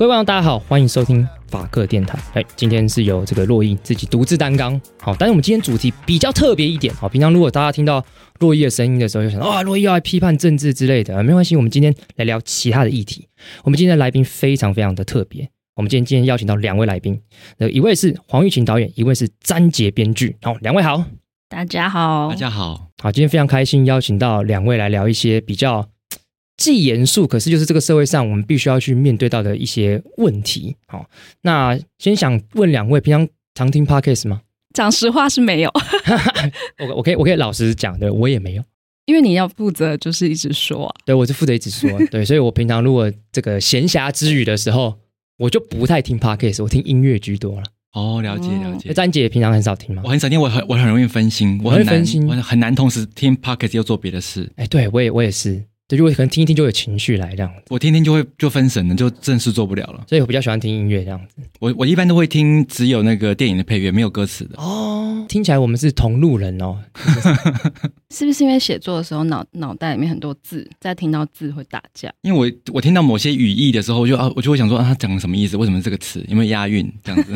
各位觀眾，大家好，歡迎收聽法客電台。哎、今天是由這個洛伊自己獨自擔綱。好，但是我們今天主題比較特別一點。好，平常如果大家聽到洛伊的聲音的時候，就想到啊、哦，洛伊要來批判政治之類的，啊，沒關係，我們今天來聊其他的議題。我們今天的來賓非常非常的特別，我們今天今天邀請到兩位來賓，那個、一位是黃郁晴導演，一位是詹傑編劇。好，兩位好，大家好，大家好，好，今天非常開心邀請到兩位來聊一些比較。既嚴肅，可是就是這個社會上我們必須要去面對到的一些問題。好，那先想問兩位，平常常聽 podcast 嗎？講實話是沒有。 我我可以我可以老實講的，我也沒有。因為你要負責，就是一直說。對，我就負責一直說。 對，所以我平常如果這個閒暇之餘的時候，我就不太聽 podcast，我聽音樂居多了。哦，了解了解。詹姐，平常很少聽嗎？我很少聽，我很我很容易分心，我很難，分心，我很難，我很難同時聽 podcast 又做別的事。哎，對我也我也是。所以我可能聽一聽就有情緒來這樣子，我聽聽就會就分神了，就正事做不了了。所以我比較喜歡聽音樂這樣子。我我一般都會聽只有那個電影的配樂，沒有歌詞的哦。聽起來我們是同路人哦。就是、 是不是因為寫作的時候腦腦袋裡面很多字，在聽到字會打架？因為我我聽到某些語義的時候，我就啊，我就會想說啊，他講的什麼意思？為什麼這個詞有沒有押韻？這樣子。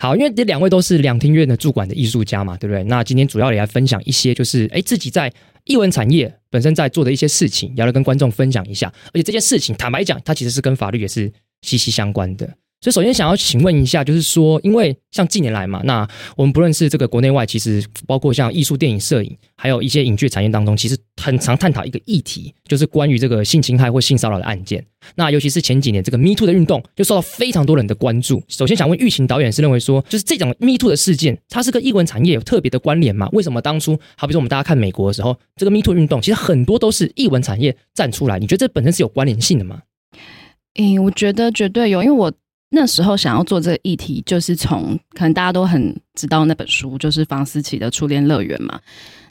好，因為這兩位都是兩廳院的駐館的藝術家嘛，對不對？那今天主要也來分享一些，就是哎，自己在。藝文產業本身在做的一些事情，也要跟觀眾分享一下。而且這些事情，坦白講，它其實是跟法律也是息息相關的。所以，首先想要請問一下，就是說，因為像近年來嘛，那我們不論是這個國內外，其實包括像藝術、電影、攝影，還有一些影劇產業當中，其實很常探討一個議題，就是關於這個性侵害或性騷擾的案件。那尤其是前幾年這個 Me Too 的運動，就受到非常多人的關注。首先想問郁晴導演是認為說，就是這種 Me Too 的事件，它是跟藝文產業有特別的關聯嗎？為什麼當初，好比如說我們大家看美國的時候，這個 Me Too 運動其實很多都是藝文產業站出來，你覺得這本身是有關聯性的嗎？嗯，我覺得絕對有，因為我。那時候想要做這個議題，就是從可能大家都很知道那本書，就是房思琪的初戀樂園嘛。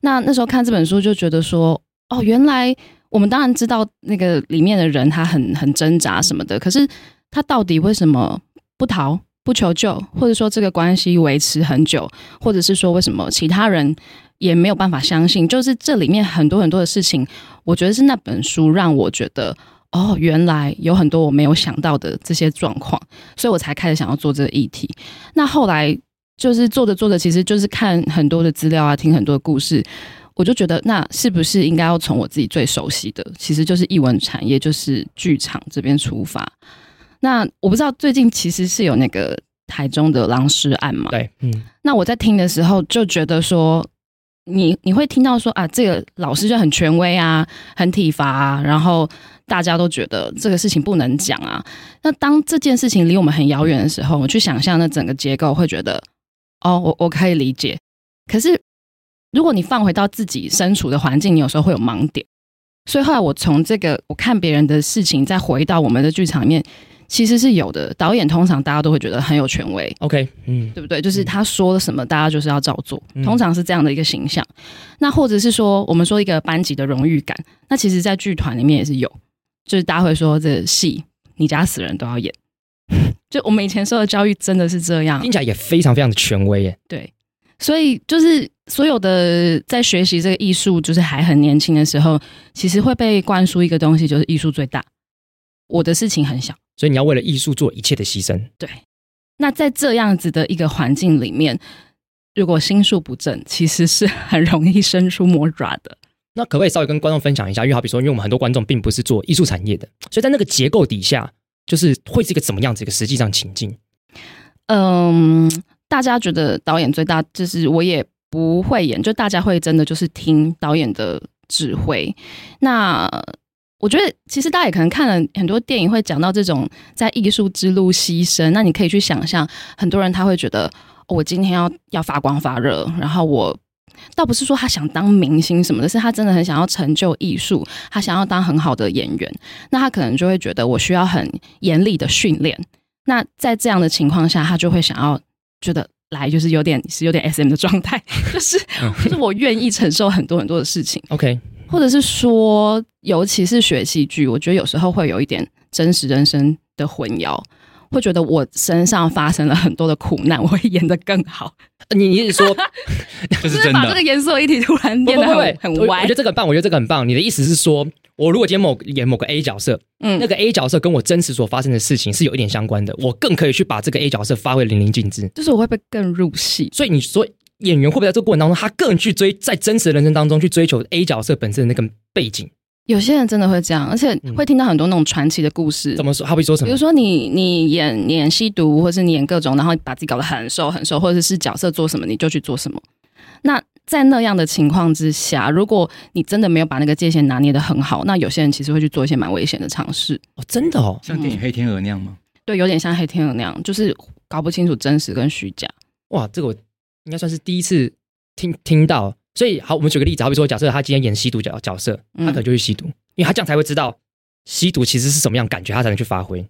那那時候看這本書，就覺得說，哦，原來我們當然知道那個裡面的人他很很掙扎什麼的，可是他到底為什麼不逃、不求救，或者說這個關係維持很久，或者是說為什麼其他人也沒有辦法相信？就是這裡面很多很多的事情，我覺得是那本書讓我覺得。哦，原來有很多我沒有想到的這些狀況，所以我才開始想要做這個議題。那後來就是做着做着，其實就是看很多的資料啊，聽很多的故事，我就覺得那是不是應該要從我自己最熟悉的，其實就是藝文產業，就是劇場這邊出發。那我不知道最近其實是有那個台中的狼師案嘛？對，嗯。那我在聽的時候就覺得說，你你會聽到說啊，這個老師就很權威啊，很體罰啊，然後。大家都覺得這個事情不能講啊。那當這件事情離我們很遙遠的時候，我去想象那整個結構，會覺得哦，我我可以理解。可是如果你放回到自己身處的環境，你有時候會有盲點。所以後來我從這個我看別人的事情，再回到我們的劇場裡面，其實是有的。導演通常大家都會覺得很有權威，OK，嗯，對不對？就是他說了什麼，嗯、大家就是要照做，通常是這樣的一個形象。嗯、那或者是說，我們說一個班級的榮譽感，那其實，在劇團裡面也是有。就是大家會說這戲，你家死人都要演。就我們以前受的教育真的是這樣，聽起來也非常非常的權威耶。對，所以就是所有的在學習這個藝術，就是還很年輕的時候，其實會被灌輸一個東西，就是藝術最大，我的事情很小。所以你要為了藝術做一切的犧牲。對。那在這樣子的一個環境裡面，如果心術不正，其實是很容易伸出魔爪的。那可不可以稍微跟觀眾分享一下？因為好比說，因為我們很多觀眾並不是做藝術產業的，所以在那個結構底下，就是會是一個怎麼樣子一個實際上情境？嗯，大家覺得導演最大，就是我也不會演，就大家會真的就是聽導演的指揮。那我覺得其實大家也可能看了很多電影，會講到這種在藝術之路犧牲。那你可以去想象，很多人他會覺得，哦，我今天要要發光發熱，然後我。倒不是說他想當明星什麼的，是他真的很想要成就藝術，他想要當很好的演員，那他可能就會覺得我需要很嚴厲的訓練。那在這樣的情況下，他就會想要覺得來就是有點是有點 SM 的狀態、 就是，就是就是我願意承受很多很多的事情。OK，或者是說，尤其是學戲劇，我覺得有時候會有一點真實人生的混淆。會覺得我身上發生了很多的苦難，我會演得更好。啊、你你說， 就是把這個顏色一體突然變得很不不不不很歪。我覺得這個很棒，我覺得這個很棒。你的意思是說，我如果今天某演某個 A 角色，嗯，那個 A 角色跟我真實所發生的事情是有一點相關的，我更可以去把這個 A 角色發揮淋漓盡致，就是我會不會更入戲？所以你說演員會不會在這個過程當中，他更去追在真實的人生當中去追求 A 角色本身的那個背景？有些人真的會這樣，而且會聽到很多那種傳奇的故事。嗯、怎麼說？好比說什麼？比如說你，你演你演演吸毒，或是你演各種，然後把自己搞得很瘦很瘦，或者是，是角色做什麼你就去做什麼。那在那樣的情況之下，如果你真的沒有把那個界限拿捏得很好，那有些人其實會去做一些蠻危險的嘗試。哦，真的哦，嗯、像電影《黑天鵝》那樣嗎？對，有點像《黑天鵝》那樣，就是搞不清楚真實跟虛假。哇，這個我應該算是第一次聽聽到。所以好，我們舉個例子，好比說，假設他今天演吸毒角角色，他可能就去吸毒，嗯，因為他這樣才會知道吸毒其實是什麼樣的感覺，他才能去發揮。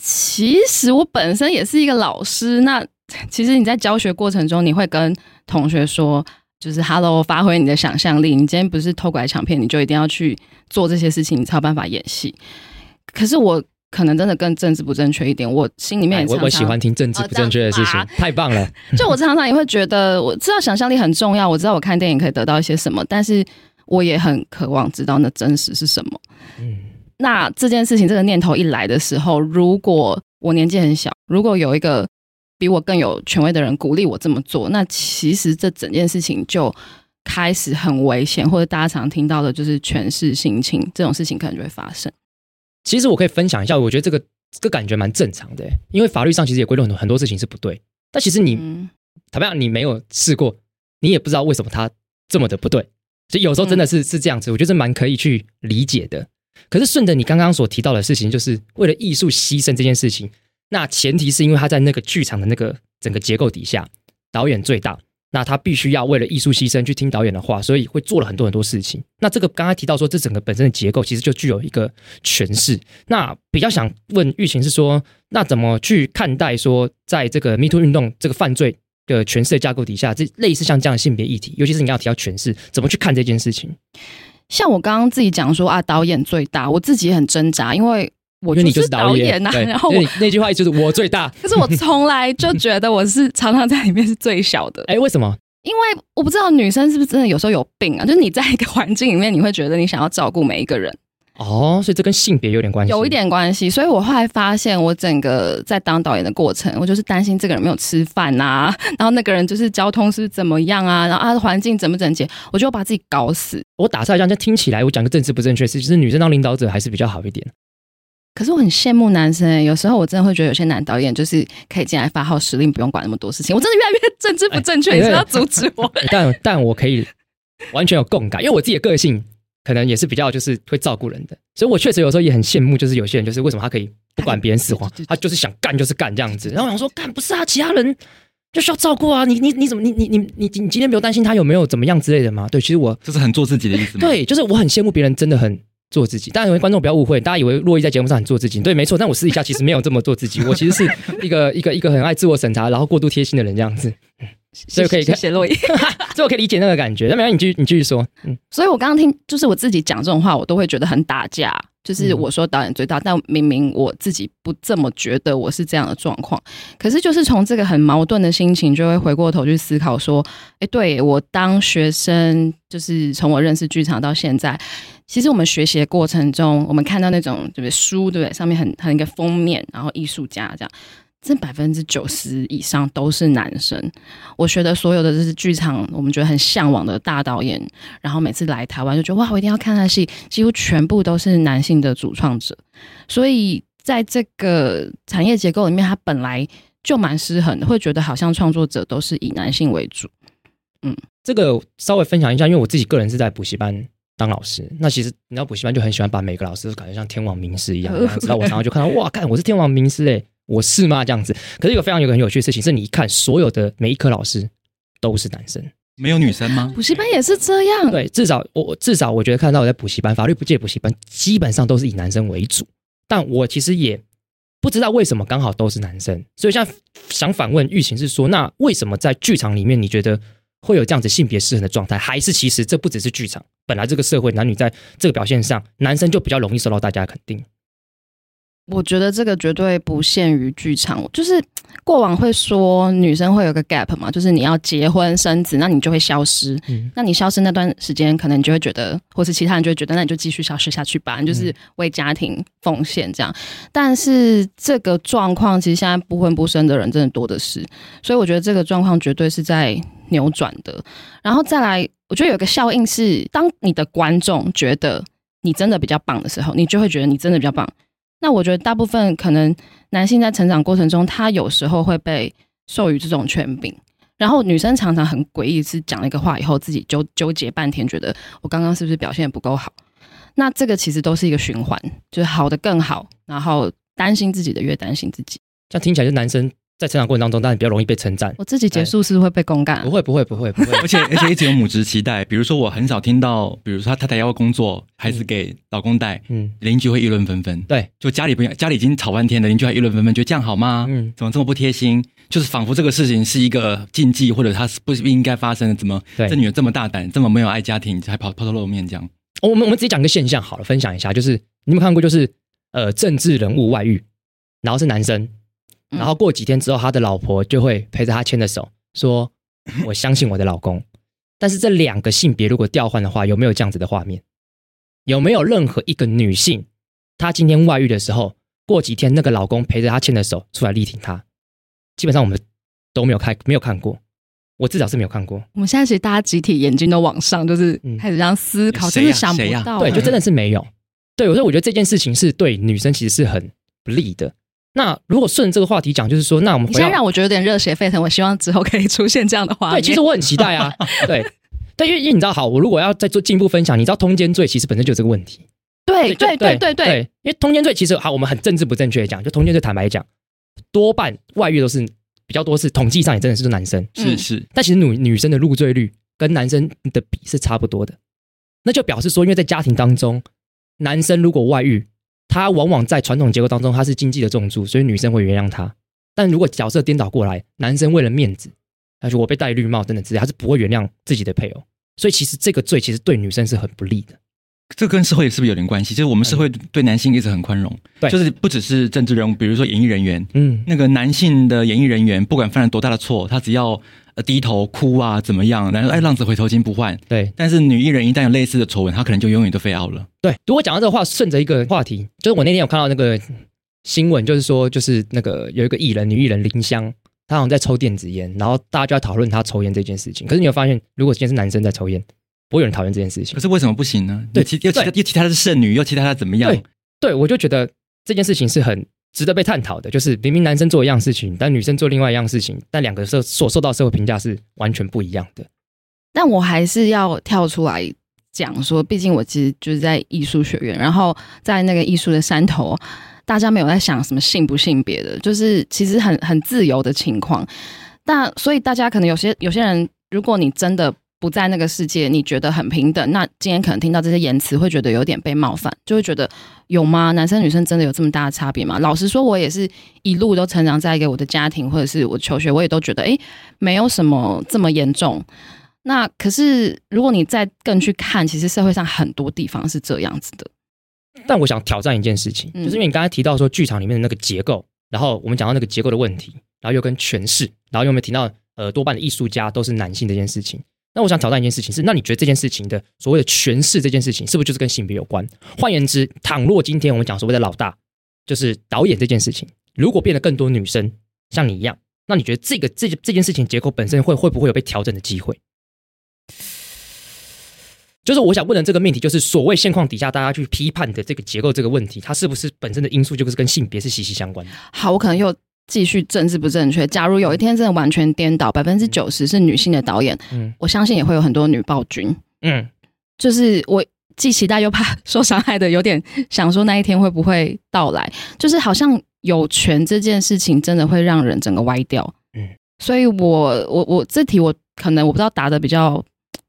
其實我本身也是一個老師，那其實你在教學過程中，你會跟同學說，就是哈嘍，發揮你的想象力。你今天不是偷拐搶騙，你就一定要去做這些事情，你才有辦法演戲。可是我。可能真的更政治不正確一點，我心裡面也常常。我我喜歡聽政治不正確的事情，呃、太棒了。 就我常常也會覺得，我知道想象力很重要，我知道我看電影可以得到一些什麼，但是我也很渴望知道那真實是什麼。嗯，那這件事情這個念頭一來的時候，如果我年紀很小，如果有一個比我更有權威的人鼓勵我這麼做，那其實這整件事情就開始很危險，或者大家常聽到的就是權勢性侵這種事情，可能就會發生。其實我可以分享一下，我覺得這個、這個感覺蠻正常的，因為法律上其實也規定很多很多事情是不對，但其實你坦白講，你沒有試過，你也不知道為什麼它這麼的不對。所以有時候真的是、嗯、是這樣子，我覺得是蠻可以去理解的。可是順着你剛剛所提到的事情，就是為了藝術犧牲這件事情，那前提是因為他在那個劇場的那個整個結構底下，導演最大。那他必須要為了藝術犧牲，去聽導演的話，所以會做了很多很多事情。那這個剛剛提到說，這整個本身的結構其實就具有一個詮釋。那比較想問郁晴是說，那怎麼去看待說，在這個 Me Too 運動這個犯罪的詮釋的架構底下，這類似像這樣性別議題，尤其是你要提到詮釋，怎麼去看這件事情？像我剛剛自己講說啊，導演最大，我自己也很掙扎，因為。我覺得你就是導演吶、啊，演啊、對然後我那句話就是我最大。可是我從來就覺得我是常常在裡面是最小的。哎，為什麼？因為我不知道女生是不是真的有時候有病啊？就是你在一個環境裡面，你會覺得你想要照顧每一個人。哦，所以這跟性別有點關係，有一點關係。所以我後來發現，我整個在當導演的過程，我就是擔心這個人沒有吃飯吶、啊，然後那個人就是交通是怎麼樣啊，然後他的環境整不整潔，我就把自己搞死。我打錯字，但聽起來我講個政治不正確是，就是女生當領導者還是比較好一點。可是我很羨慕男生，有時候我真的會覺得有些男導演就是可以進來發號施令，不用管那麼多事情。我真的越來越政治不正確，欸、你是不是要阻止我？欸、但但我可以完全有共感，因為我自己的個性可能也是比較就是會照顧人的，所以我確實有時候也很羨慕，就是有些人就是為什麼他可以不管別人死活，他，對對對，他就是想幹就是幹這樣子。然後我想說，幹不是啊，其他人就需要照顧啊，你你你怎麼你你你你你今天不用擔心他有沒有怎麼樣之類的嗎？對，其實我，就是很做自己的意思嗎？對，就是我很羨慕別人真的很。做自己，當然有些觀眾不要誤會，大家以為洛伊在節目上很做自己，對，沒錯，但我私底下，其實沒有這麼做自己， 我其實是一個一個一個很愛自我審查，然後過度貼心的人這樣子， 所以我可以謝謝，謝謝洛伊， 所以我可以理解那個感覺。那沒有，你繼續你繼續說，嗯，所以我剛剛聽，就是我自己講這種話，我都會覺得很打架。就是我說導演最大，嗯。但明明我自己不這麼覺得，我是這樣的狀況。可是就是從這個很矛盾的心情，就會回過頭去思考說，哎、欸，對，我當學生，就是從我認識劇場到現在，其實我們學習的過程中，我們看到那種，對不對？書，對不對？上面很很一個封面，然後藝術家這樣。這百分之九十以上都是男生。我學的所有的就是劇場，我們覺得很向往的大導演，然後每次來台灣就覺得哇，我一定要看他戲。幾乎全部都是男性的主創者，所以在這個產業結構裡面，他本來就蠻失衡的，會覺得好像創作者都是以男性為主。嗯，這個稍微分享一下，因為我自己個人是在補習班當老師，那其實你知道補習班就很喜歡把每個老師都感覺像天王名師一樣，然後知道我常常就看到 哇，看我是天王名師哎。我是嗎？這樣子，可是有一個非常有很有趣的事情是，你一看所有的每一科老師都是男生，沒有女生嗎？補習 班也是這樣。對，至少我至少我覺得看到我在補習班，法律界補習班基本上都是以男生為主。但我其實也不知道為什麼剛好都是男生，所以現在想反問郁晴是說，那為什麼在劇場裡面你覺得會有這樣子性別失衡的狀態？還是其實這不只是劇場，本來這個社會男女在這個表現上，男生就比較容易受到大家的肯定。我覺得這個絕對不限於劇場，就是過往會說女生會有個 gap 嘛，就是你要結婚生子，那你就會消失。嗯。那你消失那段時間，可能你就會覺得，或是其他人就會覺得，那你就繼續消失下去吧，你就是為家庭奉獻這樣。嗯。但是這個狀況其實現在不婚不生的人真的多的是，所以我覺得這個狀況絕對是在扭轉的。然後再來，我覺得有個效應是，當你的觀眾覺得你真的比較棒的時候，你就會覺得你真的比較棒。那我覺得大部分可能男性在成長過程中，他有時候會被授予這種權柄，然後女生常常很詭異，是講了一個話以後，自己糾糾結半天，覺得我剛剛是不是表現得不夠好？那這個其實都是一個循環，就是好的更好，然後擔心自己的越擔心自己。這樣聽起來就是男生。在成長過程當中，當然比較容易被稱讚。我自己結束是不是會被公幹，不會不會不會不會。不會不會 而且而且一直有母職期待，比如說我很少聽到，比如說他太太要工作，孩子給老公帶，嗯，鄰居會議論紛紛。對，就家裡不一樣，家裡已經吵翻天了，鄰居還議論紛紛，覺得這樣好嗎？嗯，怎麼這麼不貼心？就是仿佛這個事情是一個禁忌，或者他是不應該發生的。怎麼對這女的這麼大膽，這麼沒有愛家庭，還跑拋頭露面這樣？哦，我們我們直接講一個現象好了，分享一下，就是你有沒有看過，就是呃政治人物外遇，然後是男生。然後過幾天之後，他的老婆就會陪着他牽着手說：“我相信我的老公。” 但是這兩個性別如果調換的話，有沒有這樣子的畫面？有沒有任何一個女性，她今天外遇的時候，過幾天那個老公陪着她牽着手出來力挺她？基本上我們都沒有看，沒有看過。我至少是沒有看過。我們現在其實大家集體眼睛都往上，就是開始這樣思考，真的、嗯、想不到、啊，啊、對，就真的是沒有。嗯、對，我說，我覺得這件事情是對女生其實是很不利的。那如果順着這個話題講，就是說，那我們要現在讓我覺得有點熱血沸騰。我希望之後可以出現這樣的話。對，其實我很期待啊。 對，對，因為因為你知道，好，我如果要再做進一步分享，你知道，通奸罪其實本身就有這個問題。對，對對對對對，對，因為通奸罪其實好，我們很政治不正確的講，就通奸罪，坦白講，多半外遇都是比較多是統計上也真的是男生，是是，但其實女女生的入罪率跟男生的比是差不多的，那就表示說，因為在家庭當中，男生如果外遇。他往往在傳統結構當中，他是經濟的重注，所以女生會原諒他。但如果角色顛倒過來，男生為了面子，他說我被戴綠帽等等之類，他是不會原諒自己的配偶。所以其實這個罪其實對女生是很不利的。這跟社會是不是有點關係？就是我們社會對男性一直很寬容，對、嗯，就是不只是政治人物，比如說演藝人員，嗯，那個男性的演藝人員，不管犯了多大的錯，他只要呃低頭哭啊，怎麼樣，然後哎浪子回頭金不換，對、嗯。但是女藝人一旦有類似的醜聞，她可能就永遠都廢掉了。對。如果講到這個話，順着一個話題，就是我那天有看到那個新聞，就是說，就是那個有一個藝人，女藝人林湘，她好像在抽電子菸，然後大家就要討論她抽菸這件事情。可是你有發現，如果今天是男生在抽煙。不會有人討厭這件事情。可是為什麼不行呢？又對其又其又提對是剩女，又其他她怎麼樣？對，對我就覺得這件事情是很值得被探討的。就是明明男生做一樣事情，但女生做另外一樣事情，但兩個社所受到社會評價是完全不一樣的。但我還是要跳出來講說，畢竟我其實就是在藝術學院，然後在那個藝術的山頭，大家沒有在想什麼性不性別的，就是其實很很自由的情況。那所以大家可能有些有些人，如果你真的。不在那個世界，你覺得很平等？那今天可能聽到這些言辭，會覺得有點被冒犯，就會覺得有嗎？男生女生真的有這麼大的差別嗎？老實說，我也是一路都成長在給我的家庭，或者是我求學，我也都覺得哎，沒有什麼這麼嚴重。那可是，如果你再更去看，其實社會上很多地方是這樣子的。但我想挑戰一件事情，嗯，就是因為你剛才提到說劇場裡面的那個結構，然後我們講到那個結構的問題，然後又跟詮釋，然後又沒有提到呃，多半的藝術家都是男性的這件事情。那我想挑戰一件事情是，那你覺得這件事情的所謂的詮釋，這件事情是不是就是跟性別有關？換言之，倘若今天我們講所謂的老大，就是導演這件事情，如果變得更多女生像你一樣，那你覺得這個這這件事情結構本身會會不會有被調整的機會？就是我想問的這個命題，就是所謂現況底下大家去批判的這個結構這個問題，它是不是本身的因素就是跟性別是息息相關的？好，我可能又。繼續政治不正確？假如有一天真的完全顛倒，百分之九十是女性的導演，嗯，我相信也會有很多女暴君，嗯，就是我既期待又怕受傷害的，有點想說那一天會不會到來？就是好像有權這件事情，真的會讓人整個歪掉，嗯，所以我我我這題我可能我不知道答得比較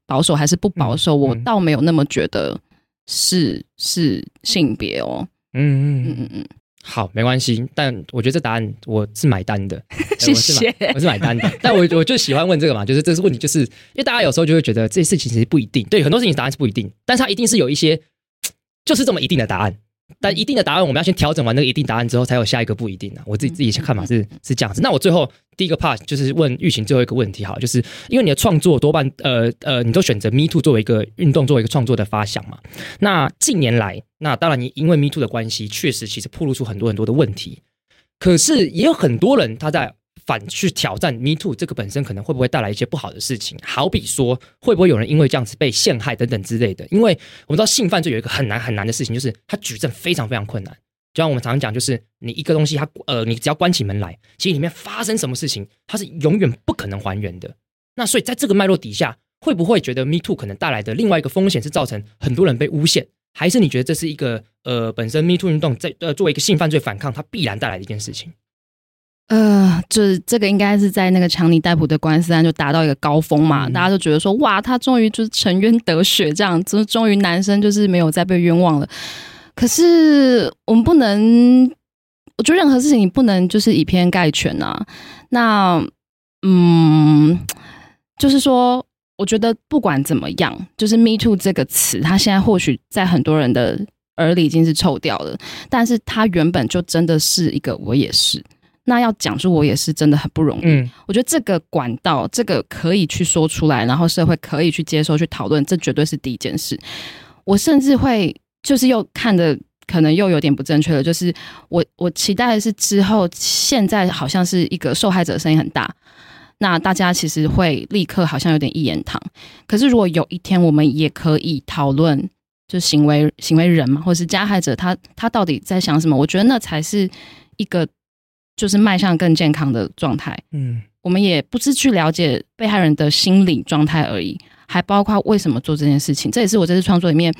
保守還是不保守，嗯嗯、我倒沒有那麼覺得是是性別哦，嗯嗯嗯嗯嗯。嗯嗯好，沒關係，但我覺得這答案我是買單的，是，謝謝，我是買單的。 但我我就喜歡問這個嘛，就是這是問題，就是因為大家有時候就會覺得這事情其實不一定，對，很多事情答案是不一定，但是它一定是有一些，就是這麼一定的答案。但一定的答案，我們要先調整完那個一定答案之後，才有下一個不一定的、啊。我自己自己看法是是這樣子。 那我最後第一個 part 就是問郁晴最後一個問題，好，就是因為你的創作多半呃呃，你都選擇 Me Too 作為一個運動作為一個創作的發想嘛？那近年來？那當然，你因為 Me Too 的關係，確實其實暴露出很多很多的問題。可是也有很多人他在反去挑戰 Me Too 這個本身，可能會不會帶來一些不好的事情？好比說，會不會有人因為這樣子被陷害等等之類的？因為我們知道性犯罪有一個很難很難的事情，就是它舉證非常非常困難。就像我們常常講，就是你一個東西，它呃，你只要關起門來，其實裡面發生什麼事情，它是永遠不可能還原的。那所以在這個脈絡底下，會不會覺得 Me Too 可能帶來的另外一個風險是造成很多人被誣陷？還是你覺得這是一個呃，本身 Me Too 運動在呃作為一個性犯罪反抗，它必然帶來的一件事情。呃，就是這個應該是在那個強尼戴普的官司上就達到一個高峰嘛，嗯嗯，大家都覺得說，哇，他終於就是沉冤得雪，這樣，就終於男生就是沒有再被冤枉了。可是我們不能，我覺得任何事情你不能就是以偏概全吶，啊。那嗯，就是說。我覺得不管怎麼樣，就是 “me too” 這個詞，它現在或許在很多人的耳裡已經是臭掉了，但是它原本就真的是一個“我也是”。那要講出“我也是”真的很不容易。嗯、我覺得這個管道，這個可以去說出來，然後社會可以去接受、去討論，這絕對是第一件事。我甚至會就是又看的可能又有點不正確的，就是我我期待的是之後，現在好像是一個受害者聲音很大。那大家其實會立刻好像有點一言堂，可是如果有一天我們也可以討論，就是行為行為人嘛，或者是加害者他他到底在想什麼？我覺得那才是一個就是邁向更健康的狀態。嗯，我們也不是去了解被害人的心理狀態而已，還包括為什麼做這件事情。這也是我這次創作裡面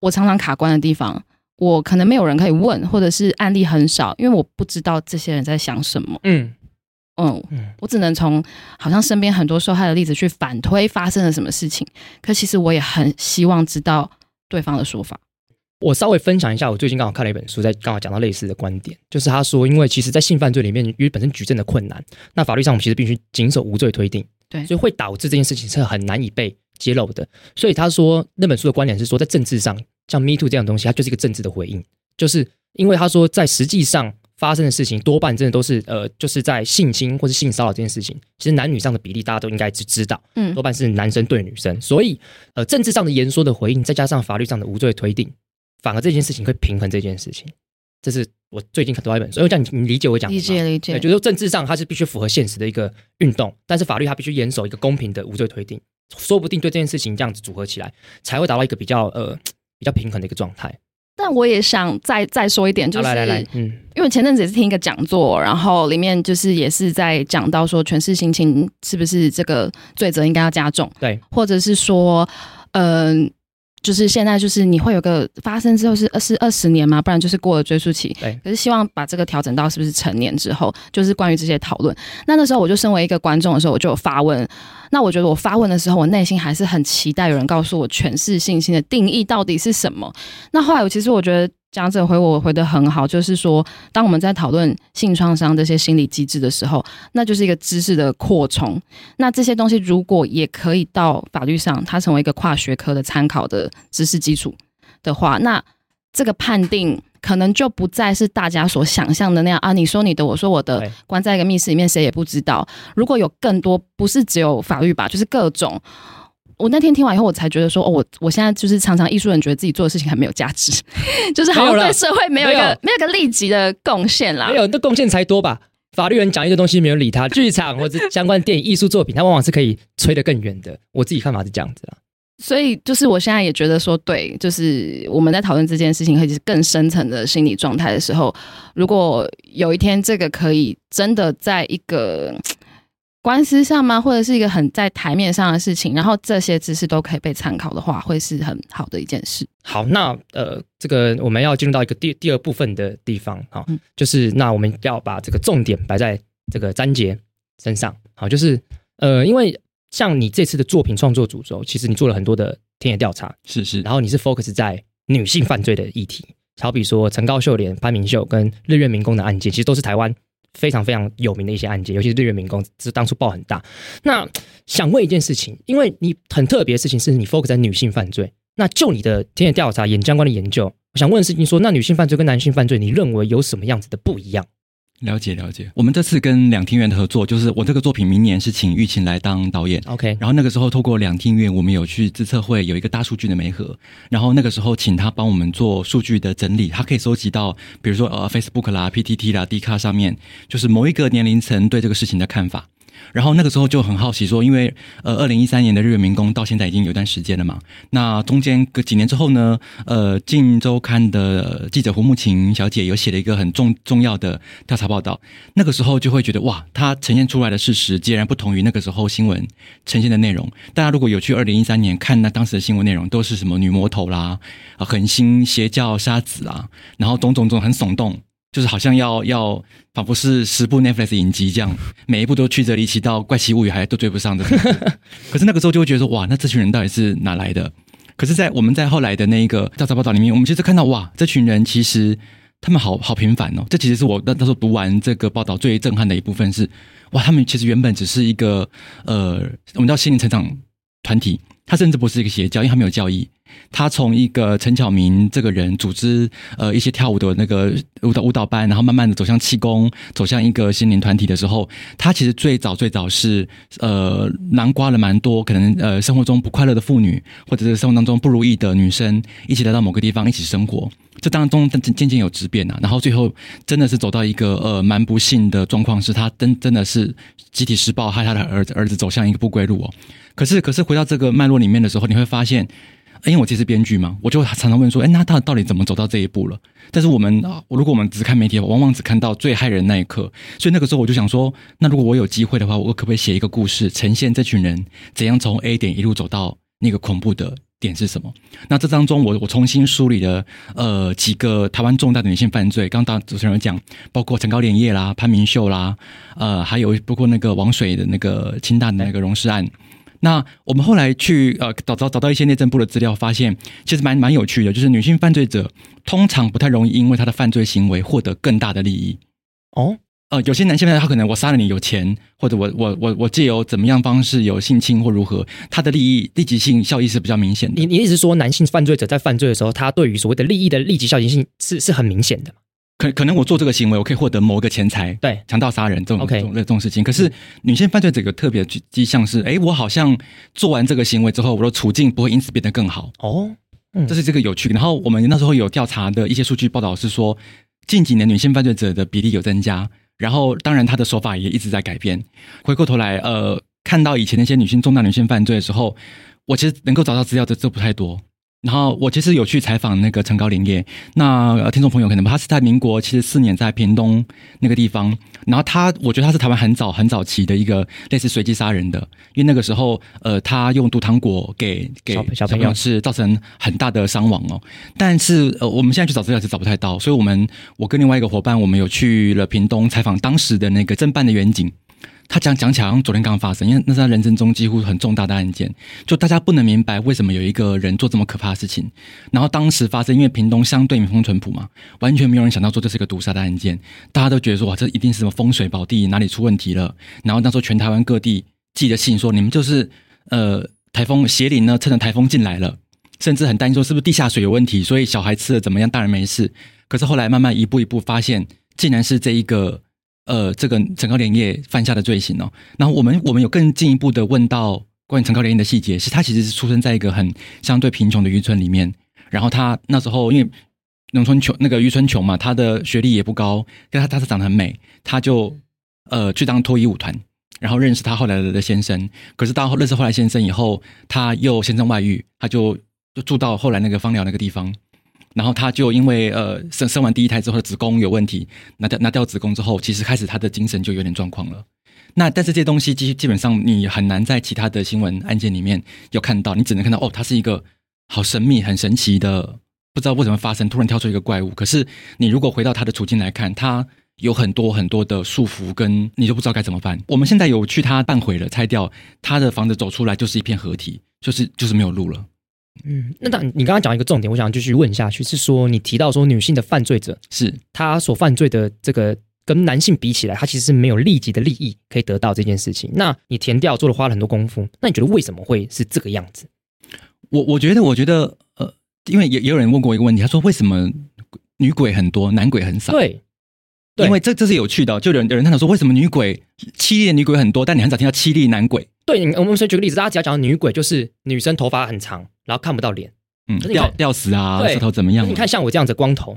我常常卡關的地方。我可能沒有人可以問，或者是案例很少，因為我不知道這些人在想什麼。嗯。嗯，我只能從好像身邊很多受害的例子去反推發生了什麼事情。可其實我也很希望知道對方的說法。我稍微分享一下，我最近剛好看了一本書，在剛好講到類似的觀點，就是他說，因為其實，在性犯罪裡面，因為本身舉證的困難，那法律上我們其實必須謹守無罪推定，對，所以會導致這件事情是很難以被揭露的。所以他說那本書的觀點是說，在政治上，像 Me Too 這樣的東西，它就是一個政治的回應，就是因為他說在實際上。發生的事情多半真的都是呃，就是在性侵或者性騷擾這件事情，其實男女上的比例大家都應該知知道，嗯，多半是男生對女生，嗯，所以呃，政治上的言說的回應，再加上法律上的無罪推定，反而這件事情會平衡這件事情。這是我最近看到一本，所以我講，你理解我講，理解，理解，就是政治上它是必須符合現實的一個運動，但是法律它必須嚴守一個公平的無罪推定，說不定對這件事情這樣子組合起來，才會達到一個比較呃比較平衡的一個狀態。但我也想再再說一點，就是，啊、來來來，嗯，因為前陣子也是聽一個講座，然後裡面就是也是在講到說，權勢性侵是不是這個罪責應該要加重？對，或者是說，嗯、呃。就是現在，就是你會有個發生之後是二十二十年嗎？不然就是過了追溯期。對可是希望把這個調整到是不是成年之後，就是關於這些討論。那那時候我就身為一個觀眾的時候，我就有發問。那我覺得我發問的時候，我內心還是很期待有人告訴我權勢性侵的定義到底是什麼。那後來我其實我覺得。講者回我回得很好，就是說，當我們在討論性創傷這些心理機制的時候，那就是一個知識的擴充。那這些東西如果也可以到法律上，它成為一個跨學科的參考的知識基礎的話，那這個判定可能就不再是大家所想象的那樣啊！你說你的，我說我的，關在一個密室裡面，誰也不知道。如果有更多，不是只有法律吧，就是各種。我那天聽完以後，我才覺得說，哦，我我現在就是常常藝術人覺得自己做的事情還沒有價值，就是好像對社會沒有一個沒有個立即的貢獻啦。沒有，那貢獻才多吧？法律人講一個東西，沒有理他；劇場或者相關電影藝術作品， 他往往是可以吹得更遠的。我自己看法是這樣子啊。所以就是我現在也覺得說，對，就是我們在討論這件事情和其實更深層的心理狀態的時候，如果有一天這個可以真的在一個，官司上嗎？或者是一個很在台面上的事情，然後這些知識都可以被參考的話，會是很好的一件事。好，那呃，這個我們要進入到一個第第二部分的地方哈，嗯、就是那我們要把這個重點擺在這個詹傑身上。好，就是呃，因為像你這次的作品創作主軸，其實你做了很多的田野調查，是是，然後你是 focus 在女性犯罪的議題，好比說陳高秀蓮、潘明秀跟日月明功的案件，其實都是台灣。非常非常有名的一些案件，尤其是日月明功，是當初爆很大。那想問一件事情，因為你很特別的事情，是你 focus 在女性犯罪。那就你的田野調查，演相關的研究，我想問的事情說，那女性犯罪跟男性犯罪，你認為有什麼樣子的不一樣？了解，了解，我們這次跟兩廳院的合作，就是我這個作品明年是請郁晴來當導演，OK。然後那個時候透過兩廳院，我們有去資策會有一個大數據的媒合。然後那個時候請他幫我們做數據的整理，他可以收集到，比如說呃 Facebook 啦、PTT 啦、D 卡上面，就是某一個年齡層對這個事情的看法。然後那個時候就很好奇說，因為呃，二零一三年的日月明功到現在已經有一段時間了嘛。那中間隔幾年之後呢，呃，鏡週刊的記者胡慕情小姐有寫了一個很重重要的調查報道。那個時候就會覺得哇，他呈現出來的事實，截然不同於那個時候新聞呈現的內容。大家如果有去二零一三年看那當時的新聞內容，都是什麼女魔頭啦、呃、狠心邪教殺子啦，然後種種種很聳動。就是好像要要，仿佛是十部 Netflix 影集這樣，每一部都曲折離奇到怪奇物語還都追不上的。 可是那個時候就會覺得說，哇，那這群人到底是哪來的？可是，在我們在後來的那一個調查報道裡面，我們其實就看到，哇，這群人其實他們好好平凡哦。這其實是我那那時候讀完這個報道最震撼的一部分是，哇，他們其實原本只是一個呃，我們叫心靈成長團體。他甚至不是一個邪教，因為他沒有教義。他從一個陳巧明這個人組織呃一些跳舞的那個舞蹈舞蹈班，然後慢慢的走向氣功，走向一個心靈團體的時候，他其實最早最早是呃，南瓜人蠻多，可能呃生活中不快樂的婦女，或者是生活當中不如意的女生一起來到某個地方一起生活，這當中漸漸有質變啊，然後最後真的是走到一個呃蠻不幸的狀況，是他真真的是集體施暴，害他的兒子兒子走向一個不歸路哦。可是，可是回到這個脈絡裡面的時候，你會發現，欸、因為我這是編劇嘛，我就常常問說，哎、欸，那他到底怎麼走到這一步了？但是我們我如果我們只看媒體的話，往往只看到最害人那一刻，所以那個時候我就想說，那如果我有機會的話，我可不可以寫一個故事，呈現這群人怎樣從 A 點一路走到那個恐怖的點是什麼？那這當中我，我我重新梳理了呃幾個臺灣重大的女性犯罪，剛剛主持人講，包括陳高蓮葉啦、潘明秀啦，呃，還有包括那個王水的那個清大的那個溶屍案。那我們後來去呃找找找到一些內政部的資料，發現其實蠻蠻有趣的，就是女性犯罪者通常不太容易因為她的犯罪行為獲得更大的利益。哦，呃，有些男性犯罪他可能我殺了你有錢，或者我我我我借由怎麼樣方式有性侵或如何，他的利益利己性效益是比較明顯的。你你意思是說，男性犯罪者在犯罪的時候，他對於所謂的利益的利己效益性是是很明顯的？可可能我做這個行為，我可以獲得某一個錢財。對，強盜殺人這種這種 okay, 這種事情，可是女性犯罪者有特別的跡象是，哎、嗯欸，我好像做完這個行為之後，我的處境不會因此變得更好。哦，嗯、這是這個有趣。然後我們那時候有調查的一些數據報道是說，近幾年女性犯罪者的比例有增加，然後當然她的手法也一直在改變。回過頭來，呃，看到以前那些女性重大女性犯罪的時候，我其實能夠找到資料的，這不太多。然後我其實有去採訪那個陳高林耶，那聽眾朋友可能，他是在民國七十四年在屏東那個地方，然後他，我覺得他是台灣很早很早期的一個類似隨機殺人的，因為那個時候呃他用毒糖果給給小朋友吃，造成很大的傷亡哦。但是呃我們現在去找資料是找不太到，所以我們，我跟另外一個伙伴，我們有去了屏東採訪當時的那個偵辦的員警。他講講起來，好像昨天剛發生，因為那是他人生中幾乎很重大的案件，就大家不能明白為什麼有一個人做這麼可怕的事情。然後當時發生，因為屏東相對民風淳樸嘛，完全沒有人想到說這是個毒殺的案件，大家都覺得說哇，這一定是什麼風水寶地，哪裡出問題了。然後那時候全台灣各地寄的信說，你們就是呃颱風邪靈呢，趁着颱風進來了，甚至很擔心說是不是地下水有問題，所以小孩吃了怎麼樣，大人沒事。可是後來慢慢一步一步發現，竟然是這一個。呃，這個陳高蓮葉犯下的罪行哦，然後我們我們有更進一步的問到關於陳高蓮葉的細節，是他其實是出生在一個很相對貧窮的漁村裡面，然後他那時候因為農村窮，那個漁村窮嘛，他的學歷也不高，但他他是長得很美，他就、嗯、呃去當脫衣舞團，然後認識他後來的先生，可是到認識後來先生以後，他又先生外遇，他就就住到後來那個芳寮那個地方。然後他就因為呃生生完第一胎之後子宮有問題，拿掉拿掉子宮之後，其實開始他的精神就有點狀況了。那但是這些東西基基本上你很難在其他的新聞案件裡面有看到，你只能看到哦，他是一個好神秘、很神奇的，不知道為什麼發生，突然跳出一個怪物。可是你如果回到他的處境來看，他有很多很多的束縛，跟你就不知道該怎麼辦。我們現在有去他半毀了、拆掉他的房子，走出來就是一片合體，就是就是沒有路了。嗯，那但你剛剛講一個重點，我想繼續問下去，是說你提到說女性的犯罪者是她所犯罪的這個跟男性比起來，她其實是沒有利己的利益可以得到這件事情。那你田調做了花了很多功夫，那你覺得為什麼會是這個樣子？我我覺得，我覺得，呃，因為也也有人問過一個問題，他說為什麼女鬼很多，男鬼很少？對，對，因為這這是有趣的，就有人有人探討說為什麼女鬼淒厲，淒厲的女鬼很多，但你很少聽到淒厲男鬼。對你，我們先舉個例子，大家只要講女鬼，就是女生頭髮很長，然後看不到臉，嗯，吊吊死啊，對舌頭怎麼樣？你看像我這樣子光頭，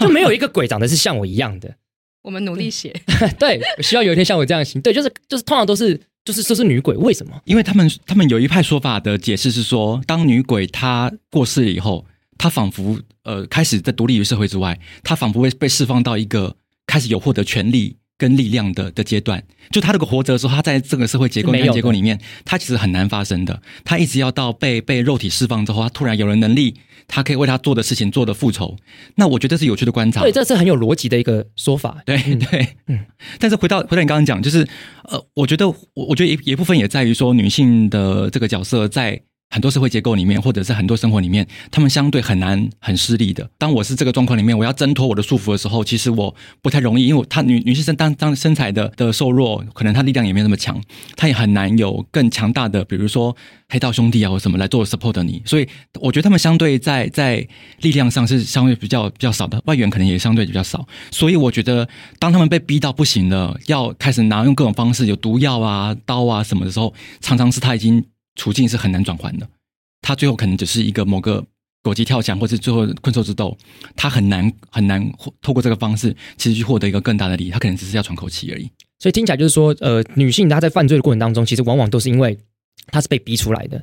就沒有一個鬼長得是像我一樣的。我們努力寫，對，我希望有一天像我這樣行。對，就是就是，通常都是就是這、就是女鬼，為什麼？因為他們他們有一派說法的解釋是說，當女鬼她過世了以後，她仿佛呃開始在獨立於社會之外，她仿佛會被釋放到一個開始有獲得權利。跟力量的的階段，就他如果活着的時候，他在這個社會結構結構裡面，他其實很難發生的。他一直要到被被肉體釋放之後，他突然有了能力，他可以為他做的事情做的復仇。那我覺得是有趣的觀察。對，這是很有邏輯的一個說法。對對，嗯，嗯。但是回到回到你剛剛講，就是呃，我覺得我我覺得一一部分也在於說女性的這個角色在。很多社會結構裡面，或者是很多生活裡面，他們相對很難很吃力的。當我是這個狀況裡面，我要掙脫我的束縛的時候，其實我不太容易，因為他女女性身當當身材的的瘦弱，可能她力量也沒有那麼強，她也很難有更強大的，比如說黑道兄弟啊或什麼來做 support 你。所以我覺得他們相對在在力量上是相對比較比較少的，外援可能也相對比較少。所以我覺得當他們被逼到不行了，要開始拿用各種方式有毒藥啊、刀啊什麼的時候，常常是他已經。處境是很難轉換的，他最後可能只是一個某個狗急跳牆，或是最後困獸之鬥，他很難很難透過這個方式，其實去獲得一個更大的利益，他可能只是要喘口氣而已。所以聽起來就是說，呃，女性她在犯罪的過程當中，其實往往都是因為她是被逼出來的，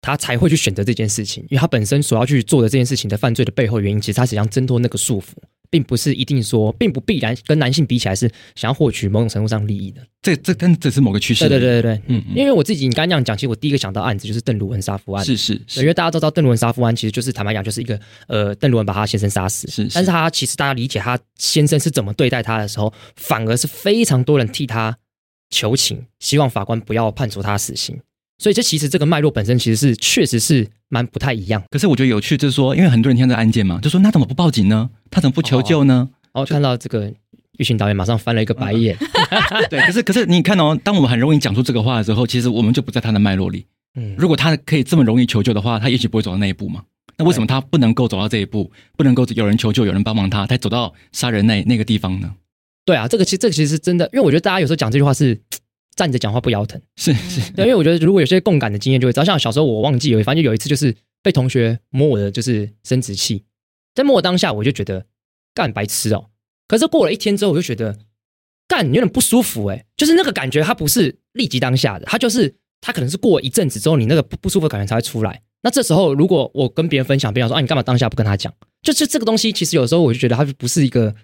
她才會去選擇這件事情，因為她本身所要去做的這件事情的犯罪的背後原因，其實她只想掙脫那個束縛。並不是一定說，並不必然跟男性比起來是想要獲取某種程度上利益的。這這跟只是某個趨勢。對，對對對對，嗯，嗯，因為我自己你剛剛這樣講，其實我第一個想到案子就是鄧如雯殺夫案。是是是對，因為大家都知道鄧如雯殺夫案，其實就是坦白講，就是一個呃，鄧如雯把他先生殺死。是，是。但是他其實大家理解他先生是怎麼對待他的時候，反而是非常多人替他求情，希望法官不要判處他的死刑。所以這其實這個脈絡本身其實是確實是。蠻不太一樣，可是我覺得有趣就是說，因為很多人聽到這個案件嘛，就說那怎麼不報警呢？他怎麼不求救呢？然後就看到這個郁晴導演馬上翻了一個白眼。嗯、 對，可是可是你看哦，當我們很容易講出這個話的時候，其實我們就不在他的脈絡裡。嗯，如果他可以這麼容易求救的話，他也許不會走到那一步嘛。那為什麼他不能夠走到這一步？不能夠有人求救，有人幫忙他，才走到殺人那那個地方呢？對啊，這個其實這個其實真的，因為我覺得大家有時候講這句話是。站着講話不腰疼，是是，對，因為我覺得如果有些共感的經驗就會知道，像小時候我忘記有反正有一次就是被同學摸我的就是生殖器，在摸我當下我就覺得幹白痴哦、喔，可是過了一天之後我就覺得幹有點不舒服誒、欸，就是那個感覺它不是立即當下的，它就是它可能是過一陣子之後你那個不舒服的感覺才會出來。那這時候如果我跟別人分享，別人說、啊，你幹嘛當下不跟他講？就是這個東西其實有時候我就覺得它不是一個。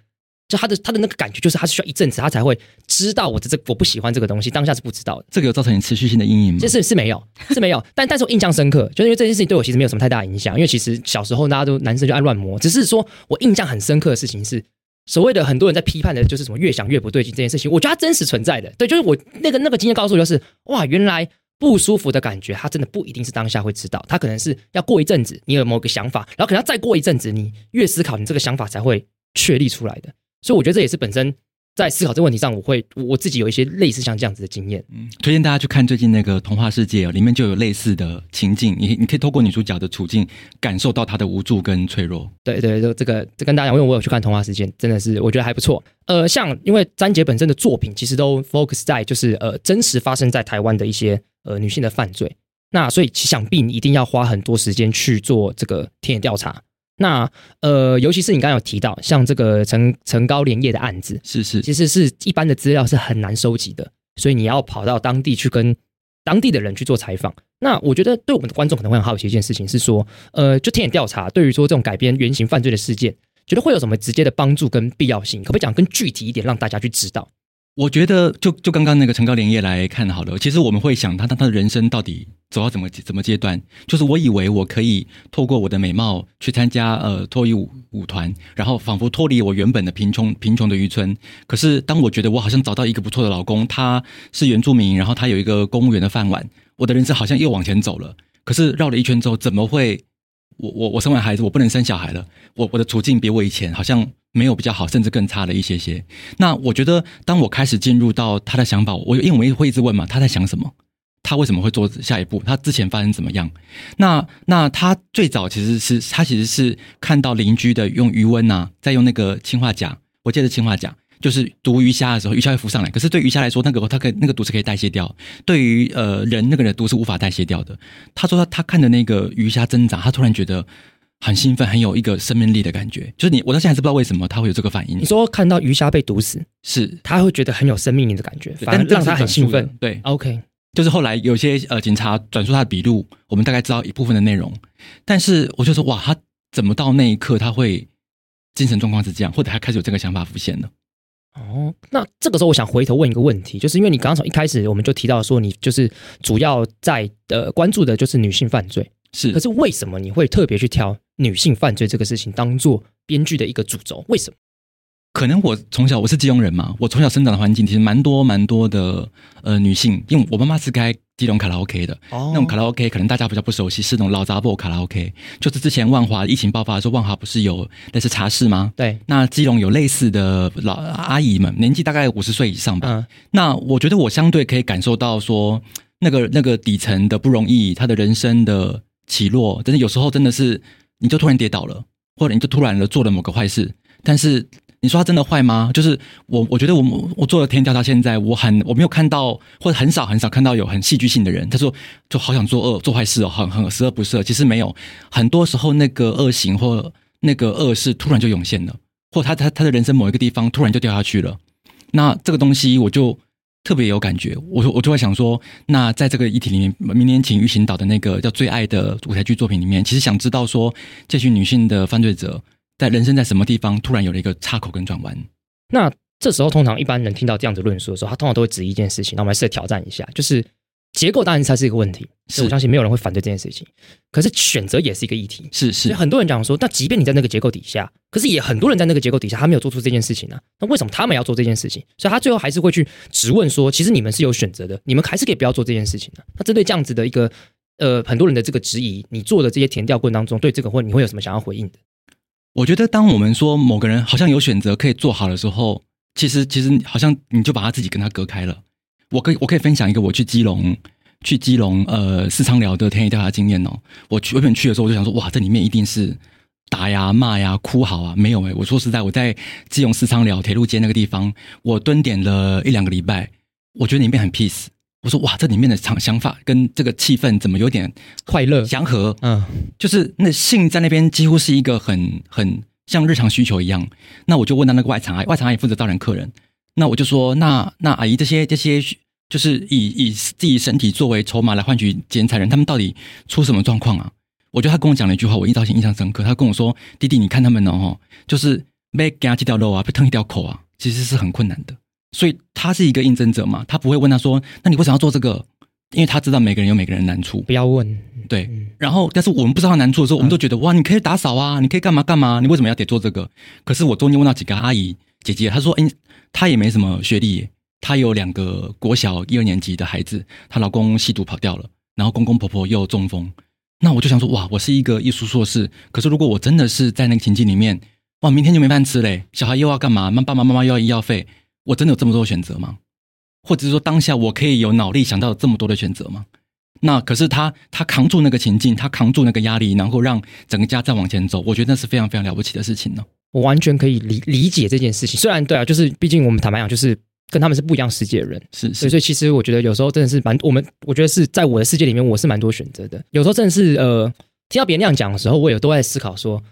就他的他的那個感覺，就是他需要一陣子，他才會知道我的這我不喜歡這個東西，當下是不知道的。這個有造成你持續性的陰影嗎？這是是，是沒有，是沒有。但但是我印象深刻，就是因為這件事情對我其實沒有什麼太大影響。因為其實小時候大家都男生就愛亂摸，只是說我印象很深刻的事情是，所謂的很多人在批判的就是什麼越想越不對勁這件事情，我覺得它真實存在的。對，就是我那個那個經驗告訴我，就是哇，原來不舒服的感覺，它真的不一定是當下會知道，它可能是要過一陣子，你有某個想法，然後可能要再過一陣子，你越思考，你這個想法才會確立出來的。所以我覺得這也是本身在思考這個問題上，我會我自己有一些類似像這樣子的經驗。嗯，推薦大家去看最近那個《童話世界》哦，裡面就有類似的情境，你你可以透過女主角的處境，感受到她的無助跟脆弱。對，對對，就這個，這跟大家講，因為我有去看《童話世界》，真的是我覺得還不錯。呃，像因為詹傑本身的作品，其實都 focus 在就是呃真實發生在台灣的一些呃女性的犯罪。那所以其想必你一定要花很多時間去做這個田野調查。那呃，尤其是你剛剛有提到，像這個陳陳高連夜的案子，是是，其實是一般的資料是很難收集的，所以你要跑到當地去跟當地的人去做採訪。那我覺得，對我們的觀眾可能會很好奇一件事情，是說，呃，就田野調查，對於說這種改編原型犯罪的事件，覺得會有什麼直接的幫助跟必要性？可不可以講更具體一點，讓大家去知道？我覺得就，就就剛剛那個陳高蓮葉來看好了。其實我們會想他，他他他的人生到底走到怎麼怎麼階段？就是我以為我可以透過我的美貌去參加呃脫衣舞舞團，然後仿佛脫離我原本的貧窮貧窮的漁村。可是當我覺得我好像找到一個不錯的老公，他是原住民，然後他有一個公務員的飯碗，我的人生好像又往前走了。可是繞了一圈之後，怎麼會？我我我生完孩子，我不能生小孩了。我我的處境比我以前好像沒有比較好，甚至更差了一些些。那我覺得，當我開始進入到他的想法，我因為我們會一直問嘛，他在想什麼？他為什麼會做下一步？他之前發生怎麼樣？那那他最早其實是他其實是看到鄰居的用余溫啊，在用那個氰化鉀，我記得氰化鉀。就是毒魚蝦的時候，魚蝦會浮上來。可是對魚蝦來說，那個它可以那個毒是可以代謝掉。對於呃人，那個人毒是無法代謝掉的。他說他他看的那個魚蝦掙扎，他突然覺得很興奮，很有一個生命力的感覺。就是你我到現在還是不知道為什麼他會有這個反應。你說看到魚蝦被毒死，是他會覺得很有生命力的感覺，反正讓他很興奮。對，OK，就是後來有些呃警察轉述他的筆錄，我們大概知道一部分的內容。但是我就說哇，他怎麼到那一刻他會精神狀況是這樣，或者他開始有這個想法浮現呢？哦，那這個時候我想回頭問一個問題，就是因為你剛剛從一開始我們就提到說，你就是主要在呃關注的就是女性犯罪，是。可是為什麼你會特別去挑女性犯罪這個事情當做編劇的一個主軸？為什麼？可能我從小我是基隆人嘛，我從小生長的環境其實蠻多蠻多的呃女性，因為我媽媽是開。基隆卡拉 OK 的、Oh. 那種卡拉 OK，可能大家比較不熟悉，是那種老雜貨卡拉 OK，就是之前萬華疫情爆發的時候，萬華不是有那是茶室嗎？對，那基隆有類似的老阿姨們，年紀大概五十歲以上吧。Uh. 那我覺得我相對可以感受到說，那個那個底層的不容易，他的人生的起落，真的有時候真的是你就突然跌倒了，或者你就突然了做了某個壞事，但是。你說他真的壞嗎？就是我，我覺得我我做了田調到現在，我很我沒有看到，或者很少很少看到有很戲劇性的人，他說就好想做惡、做壞事哦，很很十惡不赦。其實沒有，很多時候那個惡行或那個惡事突然就湧現了，或他他他的人生某一個地方突然就掉下去了。那這個東西我就特別有感覺，我我就會想說，那在這個議題裡面，明年請郁晴導的那個叫《最愛》的舞台劇作品裡面，其實想知道說這群女性的犯罪者在人生在什麼地方突然有了一個岔口跟轉彎？那這時候通常一般人聽到這樣子論述的時候，他通常都會質疑一件事情。那我們試着挑戰一下，就是結構當然才是一個問題，是我相信沒有人會反對這件事情。可是選擇也是一個議題，是是。所以很多人講說，那即便你在那個結構底下，可是也很多人在那個結構底下，他沒有做出這件事情呢、啊。那為什麼他們要做這件事情？所以他最後還是會去質問說，其實你們是有選擇的，你們還是可以不要做這件事情呢、啊。那針對這樣子的一個呃很多人的這個質疑，你做的這些田調過程當中，對這個或你會有什麼想要回應的？我覺得，當我們說某個人好像有選擇可以做好的時候，其實其實好像你就把他自己跟他隔開了。我可以我可以分享一個我去基隆、去基隆呃四昌寮的田野調查經驗哦。我去我原本去的時候我就想說，哇，這裡面一定是打呀、罵呀、哭嚎啊，沒有哎、欸。我說實在，我在基隆四昌寮鐵路街那個地方，我蹲點了一兩個禮拜，我覺得裡面很 peace。我說，哇，這裡面的想想法跟這個氣氛怎麼有點快樂祥和？嗯，就是那性在那邊幾乎是一個很很像日常需求一樣。那我就問到那個外場阿姨，外場阿姨負責招攬客人。那我就說，那那阿姨這些這些，就是以以自己身體作為籌碼來換取剪彩人，他們到底出什麼狀況啊？我覺得他跟我講了一句話，我印象印象深刻。他跟我說：“弟弟，你看他們哦，就是每割他幾條肉啊，被燙一條口啊，其實是很困難的。”所以他是一個應徵者嘛，他不會問他說，那你為什麼要做這個？因為他知道每個人有每個人的難處，不要問。對，嗯、然後但是我們不知道他難處的時候，我們都覺得、嗯、哇，你可以打掃啊，你可以幹嘛幹嘛，你為什麼要得做這個？可是我中間問到幾個阿姨姐姐，她說，嗯、欸，她也沒什麼學歷耶，她有兩個國小一二年級的孩子，她老公吸毒跑掉了，然後公公婆婆又中風。那我就想說，哇，我是一個藝術碩士，可是如果我真的是在那個情境裡面，哇，明天就沒飯吃嘞，小孩又要幹嘛？媽，爸爸媽媽又要醫藥費。我真的有這麼多選擇嗎？或者說當下我可以有腦力想到這麼多的選擇嗎？那可是他他扛住那個情境，他扛住那個壓力，然後讓整個家再往前走，我覺得那是非常非常了不起的事情呢、哦。我完全可以理理解這件事情，雖然對啊，就是畢竟我們坦白講，就是跟他們是不一樣世界的人，是，是，所以其實我覺得有時候真的是蠻我們，我覺得是在我的世界裡面，我是蠻多選擇的。有時候真的是呃，聽到別人那樣講的時候，我也都在思考說，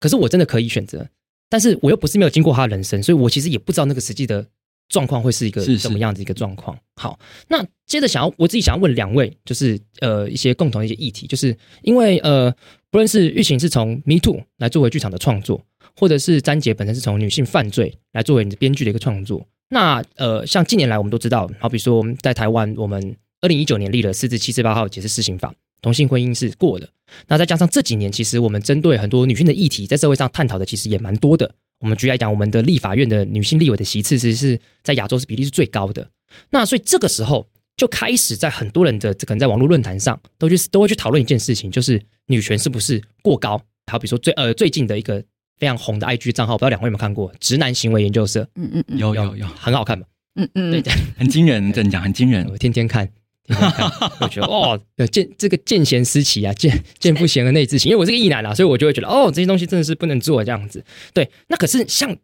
可是我真的可以選擇，但是我又不是沒有經過他人生，所以我其實也不知道那個實際的狀況會是一個什麼樣子一個狀況？好，那接着想要我自己想要問兩位，就是呃一些共同的一些議題，就是因為呃不論是郁晴是從 Me Too 來作為劇場的創作，或者是詹杰本身是從女性犯罪來作為你的編劇的一個創作，那呃像近年來我們都知道，好比說我們在台灣，我們二零一九年立了釋字七四八號解釋施行法，同性婚姻是過的，那再加上這幾年其實我們針對很多女性的議題，在社會上探討的其實也蠻多的。我們舉例來講，我們的立法院，的女性立委的席次其實是在亞洲是比例是最高的。那所以這個時候就開始在很多人的可能在網絡論壇上都去都會去討論一件事情，就是女權是不是過高？好，比如說最呃最近的一個非常紅的 IG 賬號，不知道兩位有沒有看過《直男行為研究社》？嗯嗯嗯，有有有，有很好看嘛？嗯嗯，對，很驚人，這樣講，很驚人，我天天看。 我覺得哦，見這個見賢思齊啊，見見不賢而內自省。因為我是個異男啦、啊，所以我就會覺得哦，這些東西真的是不能做這樣子。對，那可是像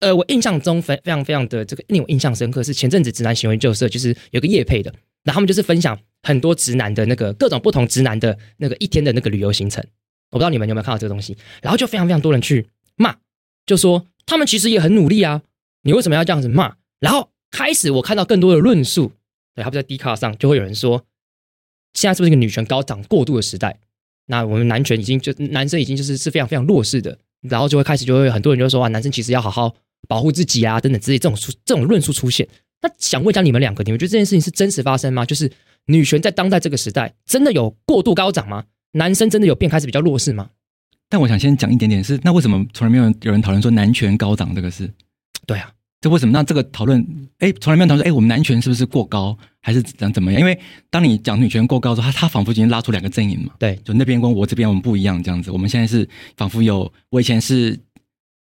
呃，我印象中非非常非常的這個令我印象深刻是前陣子直男行為研究社，就是有個業配的，然後他們就是分享很多直男的那個各種不同直男的那個一天的那個旅遊行程。我不知道你們有沒有看到這個東西，然後就非常非常多人去罵，就說他們其實也很努力啊，你為什麼要這樣子罵？然後開始我看到更多的論述。對，還不在 D 卡上，就會有人說，現在是不是一個女權高漲過度的時代？那我們男權已經就男生已經就是是非常非常弱勢的，然後就會開始就會很多人就說啊，男生其實要好好保護自己啊，等等，之類這種這種論述出現。那想問一下你們兩個，你們覺得這件事情是真實發生嗎？就是女權在當代這個時代真的有過度高漲嗎？男生真的有變開始比較弱勢嗎？但我想先講一點點是，那為什麼從來沒有有人討論說男權高漲這個事？對啊。這為什麼？那這個討論，哎，從來沒有討論，哎，我們男權是不是過高，還是怎怎麼樣？因為當你講女權過高的時候，他他仿佛已經拉出兩個陣營嘛。對，就那邊跟我這邊我們不一樣，這樣子。我們現在是仿佛有，我以前是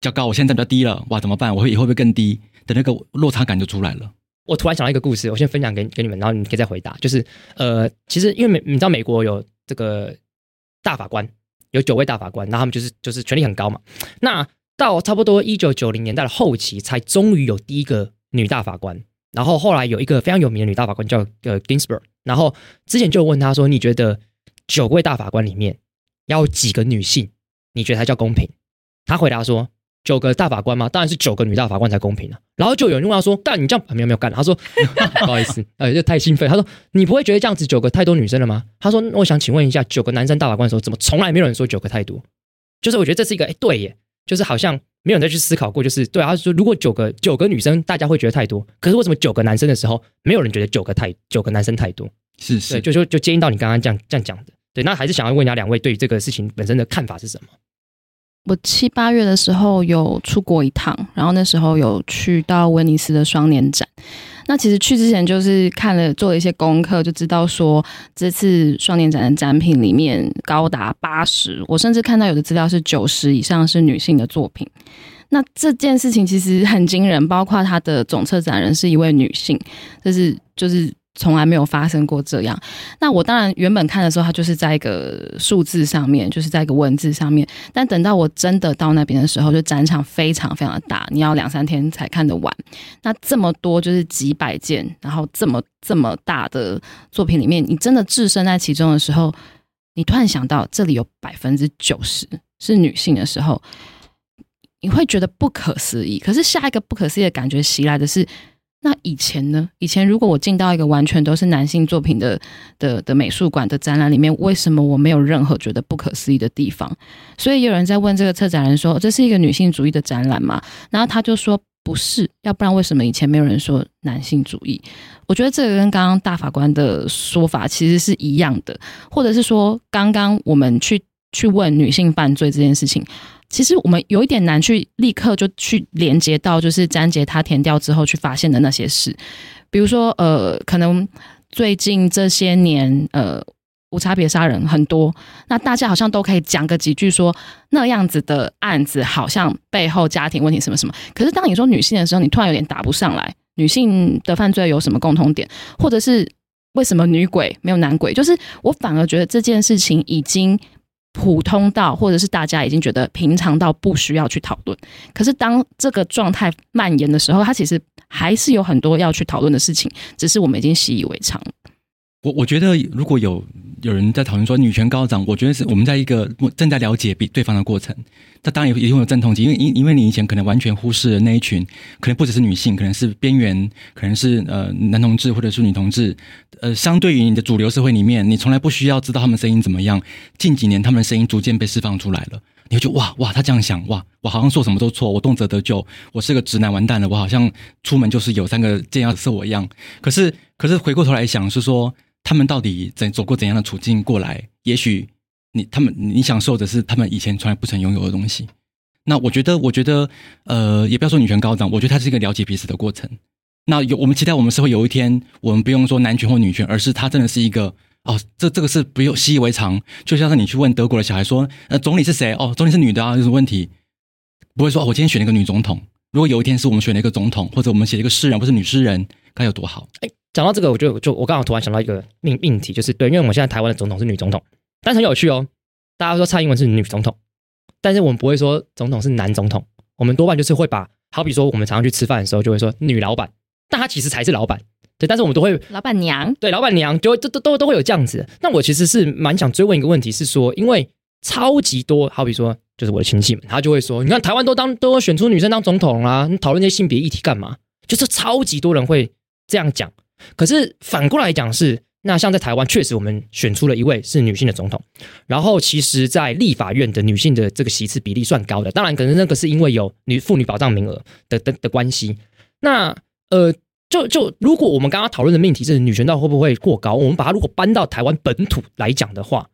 較高，我現在比較低了。哇，怎麼辦？我會以後會不會更低？的那個落差感就出來了。我突然想到一個故事，我先分享給給你們，然後你可以再回答。就是呃，其實因為美，你知道美國有這個大法官，有九位大法官，然後他們就是就是權力很高嘛。那到差不多一九九零年代的後期，才終於有第一個女大法官。然後後來有一個非常有名的女大法官叫呃 Ginsburg。然後之前就問他說：“你覺得九位大法官裡面要有幾個女性？你覺得才叫公平？”他回答說：“九個大法官嗎？當然是九個女大法官才公平啊。”然後就有人問他說：“幹你這樣沒有沒有干、啊？”他說：“ 不好意思，呃，就太興奮。”他說：“你不會覺得這樣子九個太多女生了嗎？”他說：“我想請問一下，九個男生大法官的時候，怎麼從來沒有人說九個太多？就是我覺得這是一個哎對耶。”就是好像沒有再去思考過，就是對啊，說如果九個九個女生，大家會覺得太多，可是為什麼九個男生的時候，沒有人覺得九個太九個男生太多？是是，就就就接應到你剛剛這樣這樣講的，對，那還是想要問一下兩位對於這個事情本身的看法是什麼？我七八月的時候有出國一趟，然後那時候有去到威尼斯的雙年展。那其實去之前就是看了做了一些功課，就知道說這次雙年展的展品裡面高達八十，我甚至看到有的資料是九十以上是女性的作品。那這件事情其實很驚人，包括它的總策展人是一位女性，就是就是。從來沒有發生過這樣。那我當然原本看的時候，它就是在一個數字上面，就是在一個文字上面。但等到我真的到那邊的時候，就展場非常非常的大，你要兩三天才看得完。那這麼多就是幾百件，然後這麼這麼大的作品裡面，你真的置身在其中的時候，你突然想到這裡有百分之九十是女性的時候，你會覺得不可思議。可是下一個不可思議的感覺襲來的是，那以前呢？以前如果我進到一個完全都是男性作品的的的美術館的展覽裡面，為什麼我沒有任何覺得不可思議的地方？所以有人在問這個策展人說：“這是一個女性主義的展覽嗎？”然後他就說：“不是，要不然為什麼以前沒有人說男性主義？”我覺得這個跟剛剛大法官的說法其實是一樣的，或者是說剛剛我們去去問女性犯罪這件事情。其實我們有一點難去立刻就去連接到，就是詹傑他田調之後去發現的那些事，比如說呃，可能最近這些年呃無差別殺人很多，那大家好像都可以講個幾句說那樣子的案子好像背後家庭問題什麼什麼。可是當你說女性的時候，你突然有點答不上來，女性的犯罪有什麼共同點？或者是為什麼女鬼沒有男鬼？就是我反而覺得這件事情已經。普通到，或者是大家已經覺得平常到不需要去討論。可是，當這個狀態蔓延的時候，它其實還是有很多要去討論的事情，只是我們已經習以為常。我我覺得如果有有人在討論說女權高漲，我覺得是我們在一個正在了解比對方的過程。他當然也會有陣痛期，因為因因為你以前可能完全忽視了那一群，可能不只是女性，可能是邊緣，可能是呃男同志或者是女同志。呃，相對於你的主流社會裡面，你從來不需要知道他們聲音怎麼樣。近幾年他們的聲音逐漸被釋放出來了，你會覺得哇哇，他這樣想哇，我好像說什麼都錯，我動輒得咎，我是個直男完蛋了，我好像出門就是有三個尖牙刺我一樣。可是可是回過頭來想是說，他們到底怎走過怎樣的處境過來？也許你他們你享受的是他們以前從來不曾擁有的東西。那我覺得，我覺得，呃，也不要說女權高漲，我覺得它是一個了解彼此的過程。那有我們期待我們社會有一天，我們不用說男權或女權，而是它真的是一個哦，這這個是不用習以為常。就像是你去問德國的小孩說，呃，總理是誰？哦，總理是女的啊，就是問題？不會說，哦，我今天選了一個女總統。如果有一天是我們選了一個總統，或者我們寫一個詩人，不是女詩人，該有多好？哎講到這個，我就就我剛好突然想到一個命命題，就是對，因為我們現在台灣的總統是女總統，但是很有趣哦。大家說蔡英文是女總統，但是我們不會說總統是男總統，我們多半就是會把好比說我們常常去吃飯的時候，就會說女老闆，但她其實才是老闆，對。但是我們都會老闆娘，對，老闆娘就會都，都都都都會有這樣子。那我其實是蠻想追問一個問題，是說，因為超級多，好比說就是我的親戚們，他就會說，你看台灣都當都選出女生當總統啦，你討論這些性別議題幹嘛？就是超級多人會這樣講。可是反過來講是，那像在台灣，確實我們選出了一位是女性的總統，然後其實，在立法院的女性的這個席次比例算高的。當然，可能那個是因為有女婦女保障名額的的的、的關係。那呃，就就如果我們剛剛討論的命題是女權到底會不會過高，我們把它如果搬到台灣本土來講的話，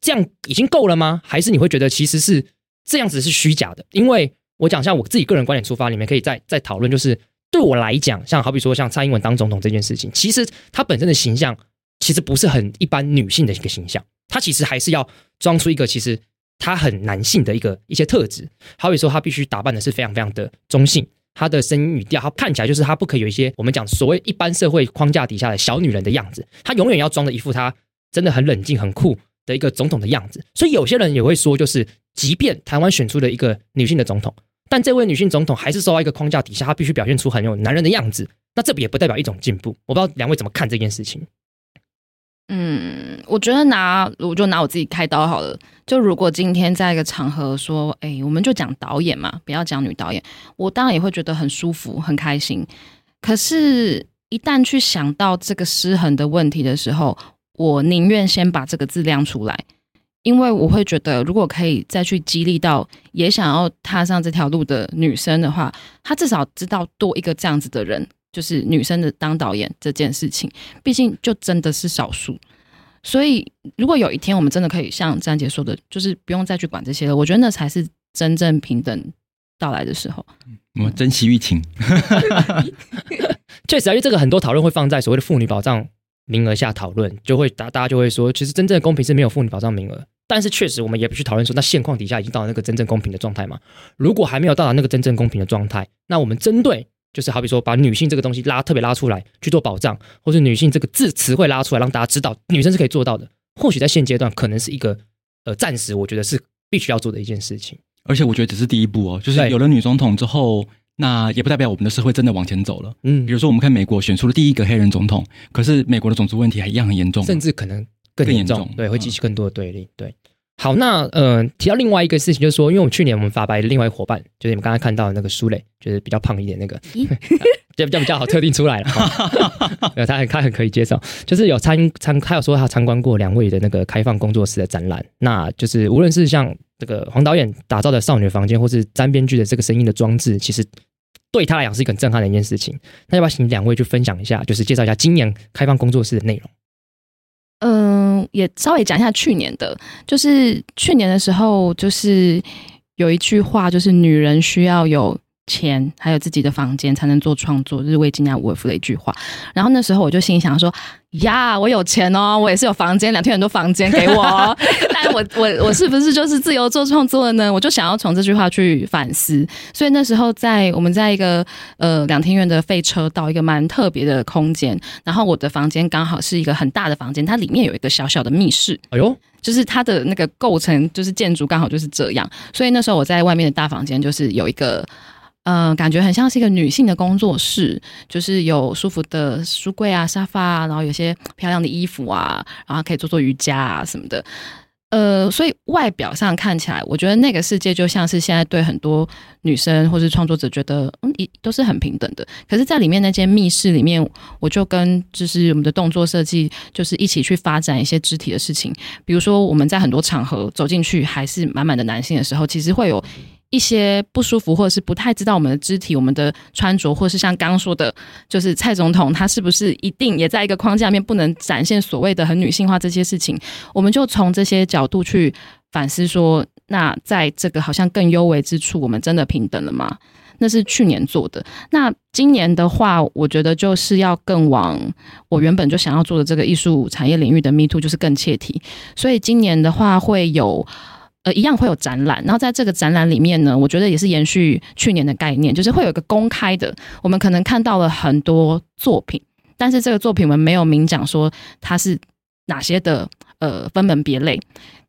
這樣已經夠了嗎？還是你會覺得其實是這樣子是虛假的？因為我講一下我自己個人觀點出發，裡面可以再再討論，就是。對我來講，像好比說，像蔡英文當總統這件事情，其實她本身的形象其實不是很一般女性的一個形象，她其實還是要裝出一個其實她很男性的一個一些特質。好比說，她必須打扮的是非常非常的中性，她的聲音語調，她看起來就是她不可以有一些我們講所謂一般社會框架底下的小女人的樣子，她永遠要裝的一副她真的很冷靜、很酷的一個總統的樣子。所以有些人也會說，就是即便台灣選出了一個女性的總統。但這位女性總統還是受到一個框架底下，她必須表現出很有男人的樣子。那這也不代表一種進步。我不知道兩位怎麼看這件事情？嗯，我覺得拿我就拿我自己開刀好了。就如果今天在一個場合說，哎、欸，我們就講導演嘛，不要講女導演，我當然也會覺得很舒服、很開心。可是，一旦去想到這個失衡的問題的時候，我寧願先把這個字亮出來。因為我會覺得，如果可以再去激勵到也想要踏上這條路的女生的話，她至少知道多一個這樣子的人，就是女生的當導演這件事情。畢竟就真的是少數，所以如果有一天我們真的可以像詹姐說的，就是不用再去管這些了，我覺得那才是真正平等到來的時候。嗯、我們珍惜郁晴， 確實啊，因為這個很多討論會放在所謂的婦女保障名額下討論，就會大家就會說，其實真正的公平是沒有婦女保障名額。但是確實，我們也不去討論說，那現況底下已經到了那個真正公平的狀態嗎？如果還沒有到達那個真正公平的狀態，那我們針對就是好比說，把女性這個東西拉特別拉出來去做保障，或是女性這個字詞彙拉出來讓大家知道，女生是可以做到的。或許在現階段，可能是一個呃暫時，我覺得是必須要做的一件事情。而且我覺得只是第一步哦，就是有了女總統之後，對那也不代表我們的社會真的往前走了。嗯，比如說我們看美國選出了第一個黑人總統，可是美國的種族問題還一樣很嚴重，啊，甚至可能。更嚴重，重對，會激起更多的對立。哦、對，好，那呃，提到另外一個事情，就是說，因為我們去年我們法白的另外一夥伴，啊、就是你們剛才看到那個舒蕾，就是比較胖一點那個，就咦 比較比較好特定出來了。沒、哦、有 他很，他很可以接受，就是有參參，他有說他參觀過兩位的那個開放工作室的展覽。那就是無論是像這個黃導演打造的少女房間，或是詹編劇的這個聲音的裝置，其實對他來講是一個很震撼的一件事情。那要不要請兩位去分享一下，就是介紹一下今年開放工作室的內容？嗯、呃。也稍微講一下去年的，就是去年的時候，就是有一句話，就是女人需要有錢還有自己的房間才能做創作，是維吉尼亞·吳爾芙的一句話。然後那時候我就心想說：“呀，我有錢哦，我也是有房間，兩廳院都房間給我， 但我我我是不是就是自由做創作呢？”我就想要從這句話去反思。所以那時候在我們在一個呃兩廳院的廢車到一個蠻特別的空間，然後我的房間剛好是一個很大的房間，它裡面有一個小小的密室。哎呦，就是它的那個構成，就是建築剛好就是這樣。所以那時候我在外面的大房間就是有一個。呃，感覺很像是一個女性的工作室，就是有舒服的書櫃啊、沙發啊，然後有些漂亮的衣服啊，然後可以做做瑜伽啊什麼的。呃，所以外表上看起來，我覺得那個世界就像是現在對很多女生或是創作者覺得，嗯，一都是很平等的。可是，在裡面那間密室裡面，我就跟就是我們的動作設計，就是一起去發展一些肢體的事情。比如說，我們在很多場合走進去還是滿滿的男性的時候，其實會有。一些不舒服，或者是不太知道我們的肢體、我們的穿着，或是像剛剛說的，就是蔡總統他是不是一定也在一個框架面不能展現所謂的很女性化這些事情？我們就從這些角度去反思說，說那在這個好像更優位之處，我們真的平等了嗎？那是去年做的，那今年的話，我覺得就是要更往我原本就想要做的這個藝術產業領域的 me too，就是更切題。所以今年的話會有。呃，一樣會有展覽，然後在這個展覽裡面呢，我覺得也是延續去年的概念，就是會有一個公開的，我們可能看到了很多作品，但是這個作品我們沒有明講說它是哪些的，呃，分門別類，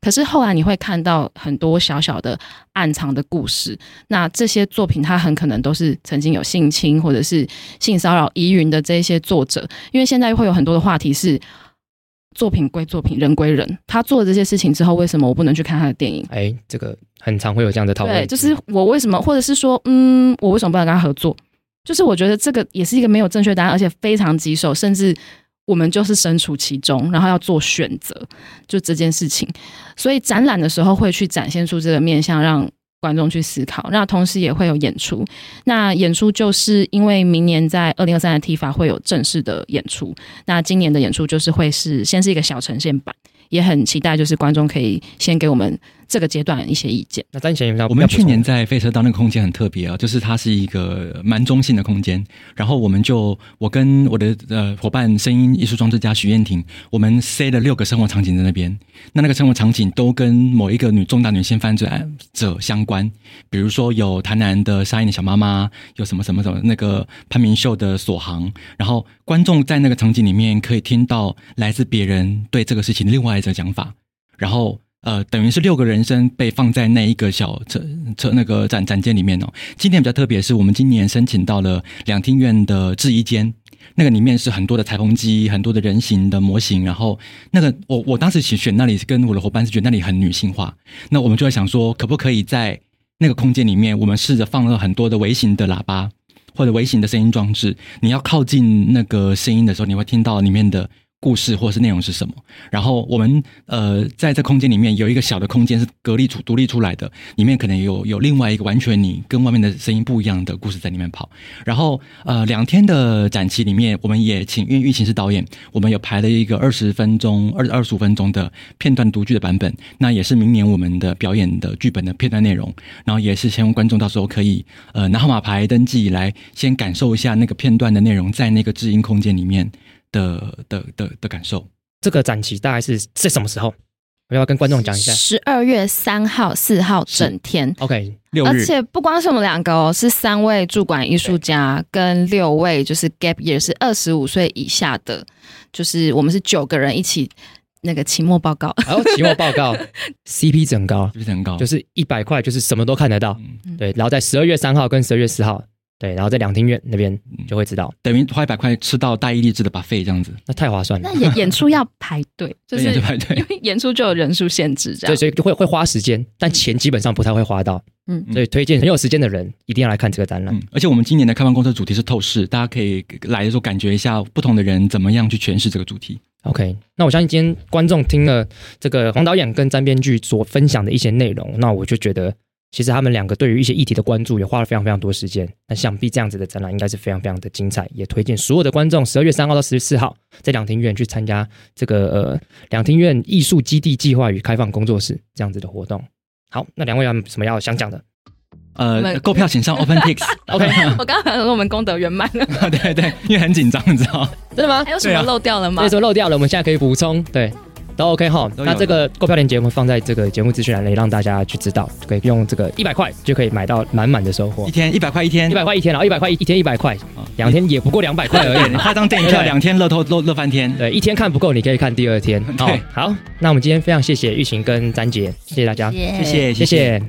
可是後來你會看到很多小小的暗藏的故事，那這些作品它很可能都是曾經有性侵或者是性騷擾疑雲的這些作者，因為現在會有很多的話題是。作品歸作品，人歸人。他做了這些事情之後，為什麼我不能去看他的電影？哎、欸，這個很常會有這樣的討論。對，就是我為什麼，或者是說，嗯，我為什麼不能跟他合作？就是我覺得這個也是一個沒有正確答案，而且非常棘手，甚至我們就是身處其中，然後要做選擇，就這件事情。所以展覽的時候會去展現出這個面向，讓。觀眾去思考，那同時也會有演出。那演出就是因為明年在二零二三的 TIFA 會有正式的演出，那今年的演出就是會是先是一個小呈現版，也很期待就是觀眾可以先給我們。這個階段一些意見。那張賢雲，我們去年在飛車道那個空間很特別啊，就是它是一個蠻中性的空間。然後我們就我跟我的呃夥伴，聲音藝術裝置家許雁婷，我們塞了六個生活場景在那邊。那那個生活場景都跟某一個女重大女性犯罪案者相關，比如說有台南的沙燕的小媽媽，有什麼什麼什麼那個潘明秀的索行。然後觀眾在那個場景裡面可以聽到來自別人對這個事情的另外一個講法，然後。呃，等於是六個人生被放在那一個小車車那個展展間裡面哦。今天比較特別，是我們今年申請到了兩廳院的制衣間，那個裡面是很多的裁縫機、很多的人形的模型。然後那個我我當時選那裡，是跟我的伙伴是覺得那裡很女性化。那我們就在想說，可不可以在那個空間裡面，我們試着放了很多的微型的喇叭或者微型的聲音裝置？你要靠近那個聲音的時候，你會聽到裡面的。故事或是內容是什麼？然後我們呃，在這空間裡面有一個小的空間是隔離出獨立出來的，裡面可能也有有另外一個完全你跟外面的聲音不一樣的故事在裡面跑。然後呃，兩天的展期裡面，我們也請，因為郁晴是導演，我們有排了一個二十分鐘二二十五分鐘的片段讀劇的版本，那也是明年我們的表演的劇本的片段內容。然後也是先觀眾到時候可以呃拿號碼牌登記來先感受一下那個片段的內容，在那個知音空間裡面。的的的的感受，這個展期大概是是什麼時候？我要，要跟觀眾講一下，十二月三號、四號整天。OK，六日而且不光是我們兩個哦，是三位駐館藝術家對跟六位就是 gap year 是二十五歲以下的，就是我們是九個人一起那個期末報告。還有、哦、期末報告 CP 整高 CP 整高？就是一百塊，就是什麼都看得到。嗯、對，然後在十二月三號跟十二月四號。對，然後在兩廳院那邊就會知道，嗯、等於花一百塊吃到大億麗緻的 buffet 這樣子，那太划算了。那演，演出要排隊， 就是排隊，因為演出就有人數限制，這樣對，所以就會會花時間，但錢基本上不太會花到。嗯，所以推薦很有時間的人一定要來看這個展覽。嗯嗯、而且我們今年的開放工作室主題是透視，大家可以來的時候感覺一下不同的人怎麼樣去詮釋這個主題。OK，那我相信今天觀眾聽了這個黃導演跟詹編劇所分享的一些內容，那我就覺得。其實他們兩個對於一些議題的關注也花了非常非常多時間，那想必這樣子的展覽應該是非常非常的精彩，也推薦所有的觀眾十二月三號到十四號在兩廳院去參加這個呃兩廳院藝術基地計劃與開放工作室這樣子的活動。好，那兩位有什麼要想講的？呃，購票請上 OpenTix。 OK。 我剛剛說我們功德圓滿了 對 對對，因為很緊張，你知道。真的嗎？還有、哎、什麼漏掉了嗎、啊？所以說漏掉了，我們現在可以補充。對。都 OK 哈，那這個購票鏈接我們放在這個節目資訊欄裡，讓大家去知道，可以用這個一百塊就可以買到滿滿的收穫。一天一百塊，一天一百塊，一天然後一百塊一，一天一百塊，兩天也不過兩百塊而已。拍張電影票兩天樂透樂樂翻天。對，一天看不夠，你可以看第二天。OK，好，那我們今天非常謝謝鬱晴跟詹杰，謝謝大家，謝謝，謝謝。